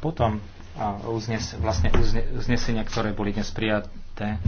Potom a uznes, vlastne uznesenia, ktoré boli dnes prijaté,